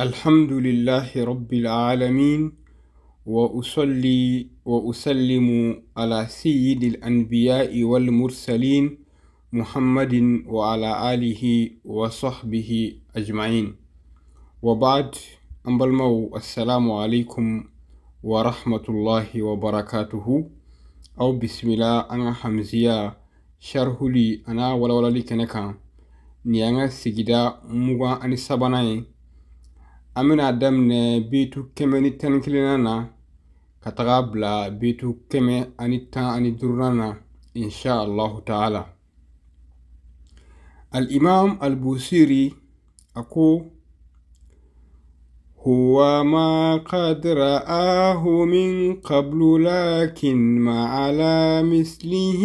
الحمد لله رب العالمين وأصلي وأسلم على سيد الأنبياء والمرسلين محمد وعلى آله وصحبه أجمعين وبعد أمبالمو السلام عليكم ورحمة الله وبركاته أو بسم الله أنا حمزية شرح لي أنا ولا ولا لك نكا نيانا سيجدا مغا أني سبناي أمن أدم نبيتو كم أنيتان كلينانا كتغابلا بيتو كم أنيتان أنيدورانا إن شاء الله تعالى الإمام البوسيري أكو هو ما قد رآه من قبل لكن ما على مثله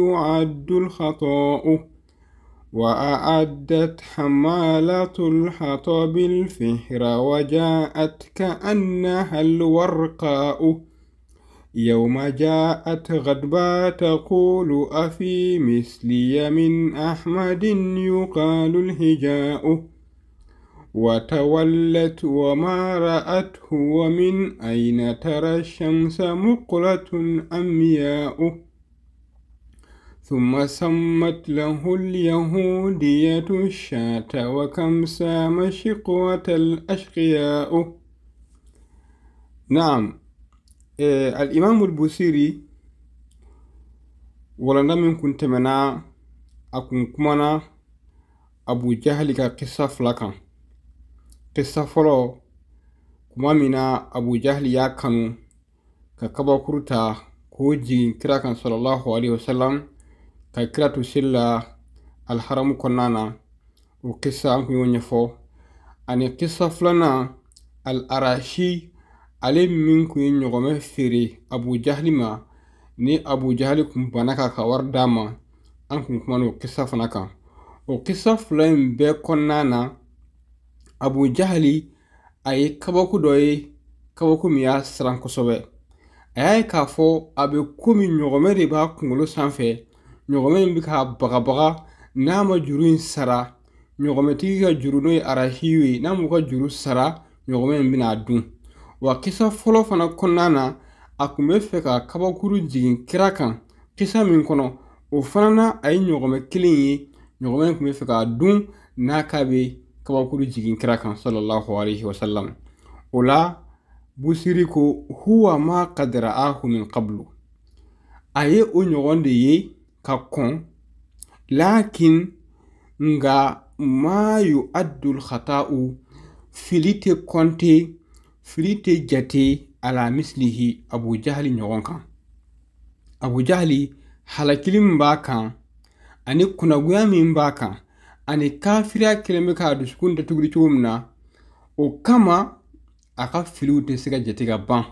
يعد الخطأ وأعدت حمالة الحطب الفهر وجاءت كأنها الورقاء يوم جاءت غدبا تقول أفي مثلي من أحمد يقال الهجاء وتولت وما رأته ومن أين ترى الشمس مقلة أمياء ثم سمت له اليهودية الشاة وكم سام شقوة الأشقياء نعم آه الإمام البوسيري ولن نعم من كنت منا أكون كمنا أبو جهل كقصة فلكا قصة فلو كما منا أبو جهل يا ككبا كرتا كوجي كراكا صلى الله عليه وسلم ka kira to seli la kɔnɔna na o kisa an kun y'o ɲɛfɔ ani kisa filanan al-arashi ale min kun ye ɲɔgɔmɛ feere abu jahali ma ni abu jahali kun bana ka ka wari d'a ma an kun kumana o kisa fana kan o kisa fila in bɛɛ kɔnɔna na abu jahali a ye kabako dɔ ye kabako min y'a siran kosɛbɛ a y'a ye k'a fɔ a bɛ komi ɲɔgɔmɛ de b'a kunkolo sanfɛ ñogome ñoŋ bi ka bagabaga naa ma juru yi sara ñogome tigi ka juru no ye arahiwe naa ma ka juru sara ñogome ñoŋ bina dun wa kisa folo fana kɔnɔna na a kun be fɛ ka kabakuru jigin kira kan kisa min kɔnɔ o fana na a ye ɲɔgɔmɛ kelen ye ɲɔgɔmɛ kun be fɛ ka dun n'a ka be kabakuru jigin kira kan salallahu alaihi wasalam o la busiri ko huwa ma kadara ahu min kablu a ye o ɲɔgɔn de ye ka kɔn lakin nga ma yu'addul khata'u fili tɛ kɔnte fili tɛ jate ala mislihi abu jahali ɲɔgɔn kan abu jahali halakili min b'a kan ani kunnagunya min b'a kan ani kafiriya kelen bɛ k'a dusukun datuguli cogo min na o kama a ka filiw tɛ se ka jate ka ban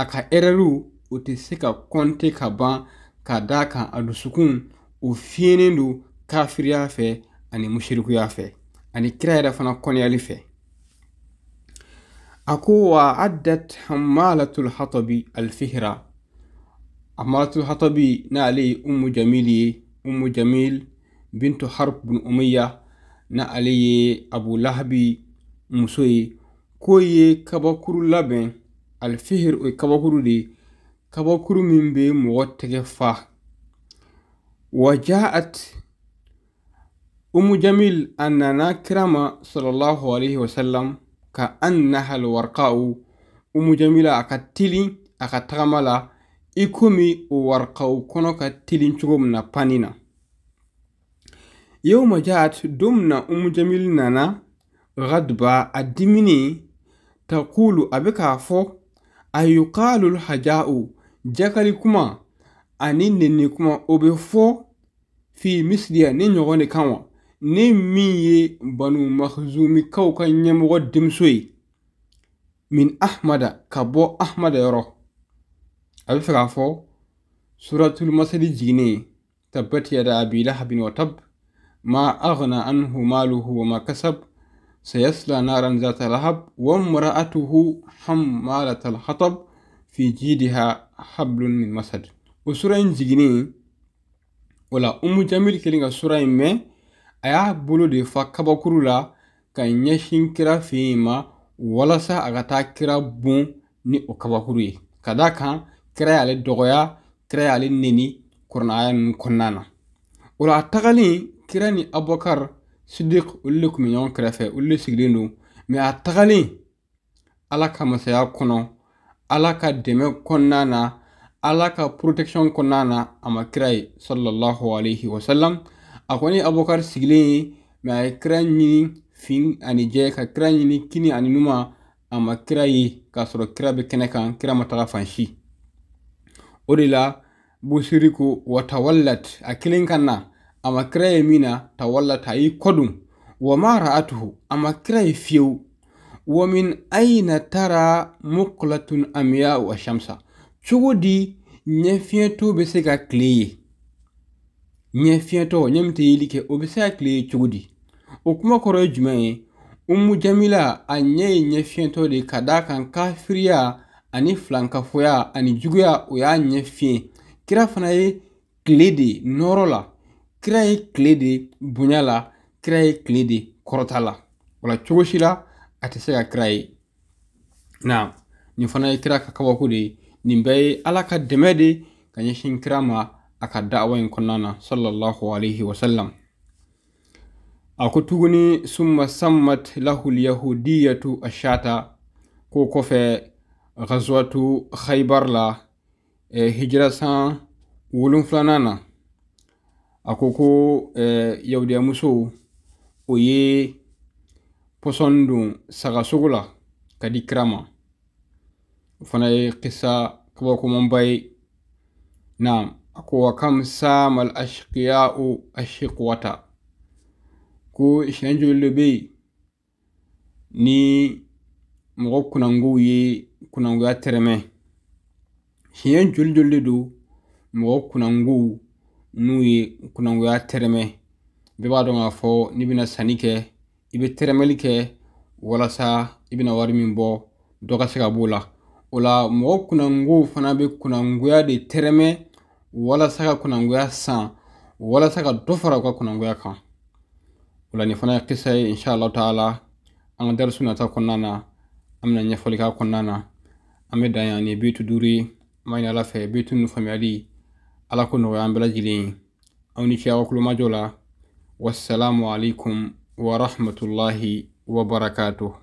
a ka ɛrɛriw o tɛ se ka kɔnte ka ban K'a d'a kan a dusukun o fiɲɛnen don kafiriya fɛ ani mushirikuya fɛ ani kira yɛrɛ fana kɔnɔyali fɛ a ko wa addat hamalatul hatabi alfihira hamalatul hatabi n'ale ye umu jamil ye umu jamil bintu harb bin umayya na ale ye abu lahabi muso ye ko ye kabakuru labɛn alfihir o ye kabakuru de ye Kabakuru min bɛ mɔgɔ tɛgɛ fa wa jaat Umu Jamil a nana kira ma sallallahu alaihi wasallam ka annaha alwarqa'u Umu Jamila a ka teli a ka tagama la i komi warqaw kɔnɔ ka teli cogo min na pani na yawma jaat don min na Umu Jamil nana ghadba a diminen taqulu a bɛ k'a fɔ ayuqalu alhaja'u Jakali kuma ani nɛni kuma o bɛ fi misiriya ni ɲɔgɔn de kan wa banu makhzumi ka ɲɛmɔgɔ dimsui min ahmada kabo ahmada yɔrɔ a bɛ suratul masali jiginnen tabbat yada abi lahabin wa ma aghna anhu maluhu wa ma kasab sayasla naran zata lahab wa imra'atuhu hammalatal hatab fi jidiha hablun min masad o sura in jigini o la umu jamil kelen ka sura in mɛn a y'a bolo de fa kabakuru la ka ɲɛsin kira fi yen ma walasa a ka taa kira bon ni o kabakuru ye ka da kan kira y'ale dɔgɔya kira y'ale neni ninnu kɔnɔna na o la a tagalen kira ni abubakar sidik olu de tun bɛ ɲɔgɔn kɛrɛfɛ olu de sigilen don mɛ a tagalen ala ka masaya kɔnɔ ala ka dɛmɛ kɔnɔna na ala ka kɔnɔna na a ma kira ye sallallahu alaihi sallam a kɔni abubakar sigilen ye mɛ a ye kira ɲini fin ani jɛ ka kira ɲini kini ani numa a ma kira ye k'a sɔrɔ kira bɛ kɛnɛ kan kira ma taga fan o de la busiri ko wa tawallat a kelen ka na a ma kira ye min na tawallat a y'i kɔdun wa ma ra'atuhu a ma kira ye fiyewu wa min aina tara muqlatun amiya wa shamsa cogo di ɲɛ fiɲɛtɔ bɛ se ka tile ye ɲɛ fiɲɛtɔ ɲɛ min tɛ yeli kɛ o bɛ se ka tile ye cogo di o kuma kɔrɔ ye jumɛn ye umu a ɲɛ ye ɲɛ fiɲɛtɔ de ka d'a kan kafiriya ani filankafoya ani juguya o y'a ɲɛ fiɲɛ kira fana ye tile de nɔrɔ la kira ye tile de bonya la kira ye tile de kɔrɔta la o cogo si la a tɛ se ka kira ye na nin fana ye kira ka kabako de ye nin bɛɛ ye ala ka dɛmɛ de ka ɲɛsin kira ma a ka da'awa in kɔnɔna na sallallahu alaihi sallam. a ko tuguni summa sammat lahul yahudiyatu ashata ko kɔfɛ ghazwatu khaybar la eh, hijira san wolonfilanan na a ko ko eh, yahudiya muso o pɔsɔn don sagasogo la ka di kira ma o fana ye kisa kabakomanba ye naam ako wa kam sama alashqiyau ashiqwata ko siɲɛ joli le be ni mɔgɔ kunangow ye kunangoya tɛrɛmɛ siɲɛ joli joli le don mɔgɔ kunangow n'u ye kunangoya tɛrɛmɛ bɛɛ b'a dɔn k'a fɔ n'i bɛna sanni kɛ i bɛ tɛrɛmɛli kɛ walasa i bɛna wari min bɔ dɔ ka se ka b'o la o la mɔgɔ kunnangow fana bɛ kunnangoya de tɛrɛmɛ walasa ka kunnangoya san walasa ka dɔ fara u ka kunnangoya kan o la nin fana ye kisa ye insha Allah taala an ka darisu nata kɔnɔna na an bɛna ɲɛfɔli k'a kɔnɔna na an bɛ dan yan ni bitu duri ye an ala fɛ bitu ninnu faamuyali ala ko nɔgɔya an bɛɛ lajɛlen aw ni ce aw ka kulomajɔ la wasalaamu alaikum ورحمة الله وبركاته